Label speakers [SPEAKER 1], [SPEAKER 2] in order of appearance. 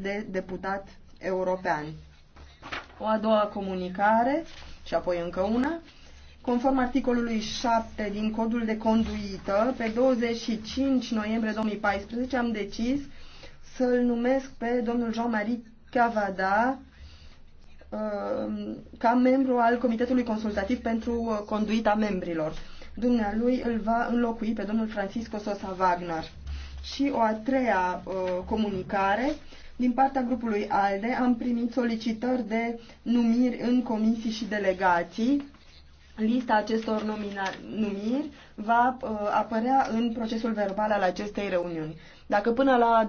[SPEAKER 1] de deputat european. O a doua comunicare și apoi încă una. Conform articolului 7 din codul de conduită, pe 25 noiembrie 2014 am decis să-l numesc pe domnul Jean-Marie Cavada uh, ca membru al Comitetului Consultativ pentru uh, Conduita Membrilor. Dumnealui îl va înlocui pe domnul Francisco Sosa Wagner. Și o a treia uh, comunicare, din partea grupului ALDE am primit solicitări de numiri în comisii și delegații. Lista acestor numiri va uh, apărea în procesul verbal al acestei reuniuni. Dacă până la